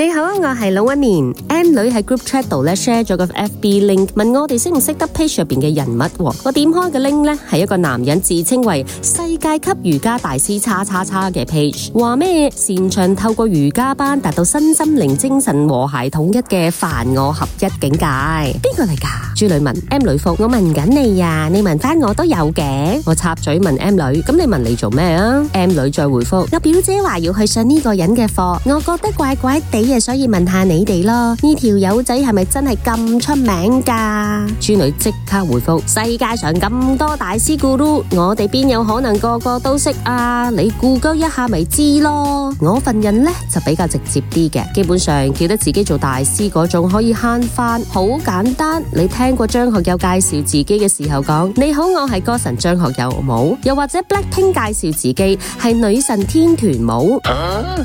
你好，我係老一年。M 女喺 group chat 度咧，share 咗個 FB link，問我哋識唔識得 page 入面嘅人物。我點開個 link 咧，係一個男人自稱為世界級瑜伽大師 XXX 嘅 page，話咩擅長透過瑜伽班達到身心靈精神和諧統一嘅梵我合一境界。邊個嚟㗎？朱女問。M 女覆我問緊你呀，你問翻我都有嘅。我插嘴問 M 女，咁你問你做咩啊？M 女再回覆：我表姐話要去上呢個人嘅課，我覺得怪怪地。所以問下你哋咯，呢條友仔係咪真係咁出名㗎？豬女即刻回覆：世界上咁多大師 Guru，我哋邊有可能個個都識啊？你 Google 一下咪知咯。我份人呢，就比較直接啲嘅，基本上叫得自己做大師嗰種可以慳翻，好簡單。你聽過張學友介紹自己嘅時候講：你好，我係歌神張學友冇？又或者 BLACKPINK 介紹自己係女神天團冇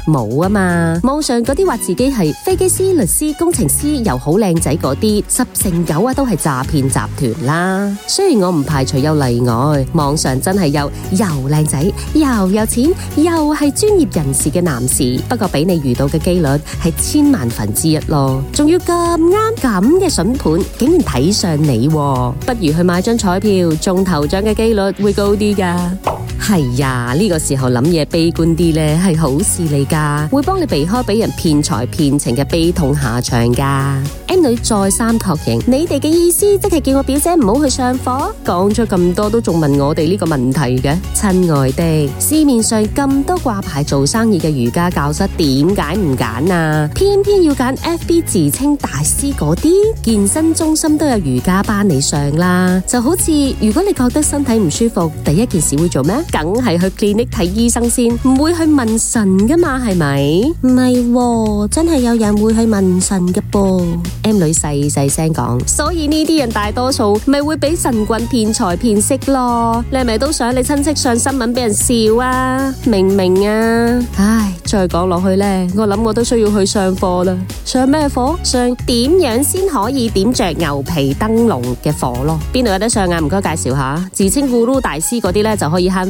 冇啊嘛？網上嗰啲話自自己係飛機師、律師、工程師又好靚仔嗰啲，十成九啊都係詐騙集團啦。雖然我唔排除有例外，網上真係有又靚仔又有錢又係專業人士嘅男士，不過俾你遇到嘅幾率係千萬分之一咯。仲要咁啱咁嘅筍盤，盤竟然睇上你，不如去買張彩票，中頭獎嘅幾率會高啲噶。係、哎、呀，呢、這個時候諗嘢悲觀啲咧，係好事嚟噶，會幫你避開俾人騙財騙情嘅悲痛下場噶。M 女再三確認，你哋嘅意思即係叫我表姐唔好去上課。講咗咁多都仲問我哋呢個問題嘅，親愛的，市面上咁多掛牌做生意嘅瑜伽教室，點解唔揀啊？偏偏要揀 FB 自稱大師嗰啲？健身中心都有瑜伽班你上啦，就好似如果你覺得身體唔舒服，第一件事會做咩？梗係去 clinic 睇醫生先，唔會去問神㗎嘛，係咪？唔係喎，真係有人會去問神嘅噃。M 女細細聲講，所以呢啲人大多數咪會俾神棍騙財騙色咯。你係咪都想你親戚上新聞俾人笑啊？明唔明啊？唉，再講落去咧，我諗我都需要去上課啦。上咩課？上點樣先可以點着牛皮燈籠嘅課咯？邊度有得上啊？唔該介紹下，自稱咕嚕大師嗰啲咧就可以慳。